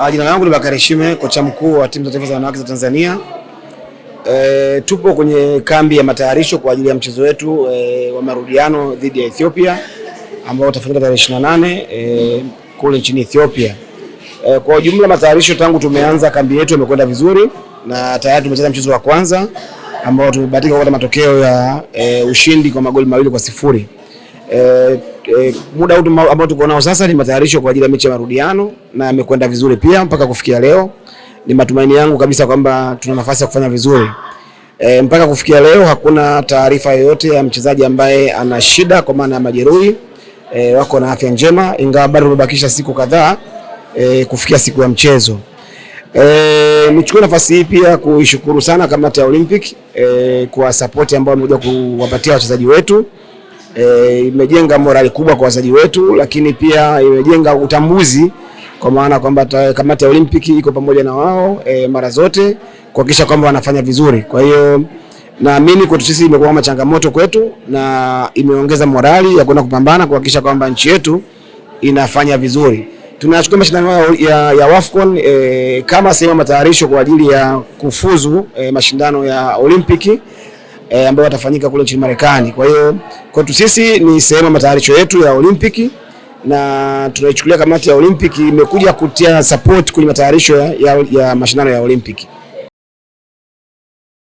Ah, jina langu ni Bakari Shime, kocha mkuu wa timu za taifa za wanawake za Tanzania. E, tupo kwenye kambi ya matayarisho kwa ajili ya mchezo wetu e, wa marudiano dhidi ya Ethiopia ambao utafanyika tarehe 28 e, eh, kule nchini Ethiopia. E, kwa ujumla matayarisho tangu tumeanza kambi yetu yamekwenda vizuri na tayari tumecheza mchezo wa kwanza ambao tumebahatika kupata matokeo ya e, ushindi kwa magoli mawili kwa sifuri. E, E, muda huu ambao tuko nao sasa ni matayarisho kwa ajili ya mechi ya marudiano na yamekwenda vizuri pia mpaka kufikia leo. Ni matumaini yangu kabisa kwamba tuna nafasi ya kufanya vizuri. E, mpaka kufikia leo hakuna taarifa yoyote ya mchezaji ambaye ana shida kwa maana ya majeruhi. E, wako na afya njema ingawa bado tumebakisha siku kadhaa e, kufikia siku ya mchezo. E, nichukue nafasi hii pia kuishukuru sana kamati ya Olympic e, kwa support ambayo wamekuja kuwapatia wachezaji wetu e, imejenga morali kubwa kwa wachezaji wetu, lakini pia imejenga utambuzi kwa maana kwamba kamati ya Olimpiki iko pamoja na wao e, mara zote kuhakikisha kwamba wanafanya vizuri. Kwa hiyo naamini kwetu sisi imekuwa kama changamoto kwetu na imeongeza morali ya kwenda kupambana kuhakikisha kwamba nchi yetu inafanya vizuri. Tunachukua mashindano ya, ya Wafcon e, kama sehemu ya matayarisho kwa ajili ya kufuzu e, mashindano ya Olimpiki e, eh, ambao watafanyika kule nchini Marekani. Kwa hiyo kwetu sisi ni sehemu ya matayarisho yetu ya Olimpiki na tunaichukulia kamati ya Olimpiki imekuja kutia support kwenye matayarisho ya, ya, ya mashindano ya Olimpiki.